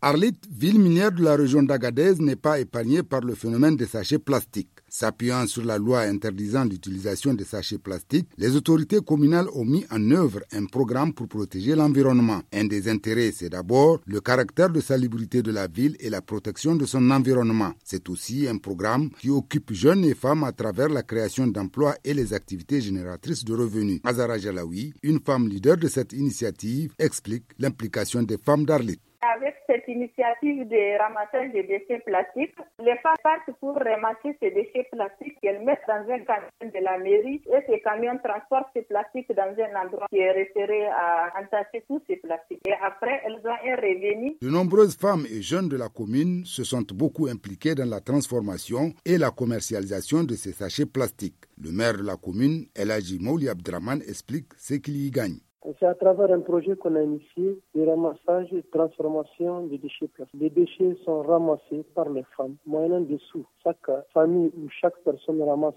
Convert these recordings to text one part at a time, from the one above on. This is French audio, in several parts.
Arlit, ville minière de la région d'Agadez, n'est pas épargnée par le phénomène des sachets plastiques. S'appuyant sur la loi interdisant l'utilisation des sachets plastiques, les autorités communales ont mis en œuvre un programme pour protéger l'environnement. Un des intérêts, c'est d'abord le caractère de salubrité de la ville et la protection de son environnement. C'est aussi un programme qui occupe jeunes et femmes à travers la création d'emplois et les activités génératrices de revenus. Azara Jalawi, une femme leader de cette initiative, explique l'implication des femmes d'Arlit initiative de ramassage des déchets plastiques. Les femmes partent pour ramasser ces déchets plastiques qu'elles mettent dans un camion de la mairie et ces camions transportent ces plastiques dans un endroit qui est référé à entasser tous ces plastiques. Et après, elles ont un revenu. De nombreuses femmes et jeunes de la commune se sont beaucoup impliquées dans la transformation et la commercialisation de ces sachets plastiques. Le maire de la commune, Elhaji Mouli Abdraman, explique ce qu'il y gagne. C'est à travers un projet qu'on a initié de ramassage et transformation des déchets plastiques. Les déchets sont ramassés par les femmes, moyennant des sous. Chaque famille ou chaque personne ramasse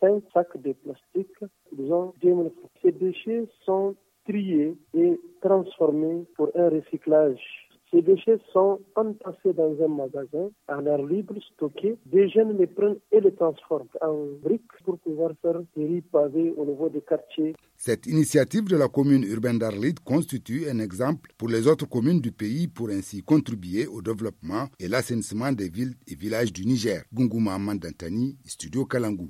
5 sacs de plastique, disons 2000 Ces déchets sont triés et transformés pour un recyclage les déchets sont entassés dans un magasin, à air libre, stockés. Des jeunes les prennent et les transforment en briques pour pouvoir faire des riz pavés au niveau des quartiers. Cette initiative de la commune urbaine d'Arlit constitue un exemple pour les autres communes du pays pour ainsi contribuer au développement et l'assainissement des villes et villages du Niger. Mandantani, Studio Kalangu.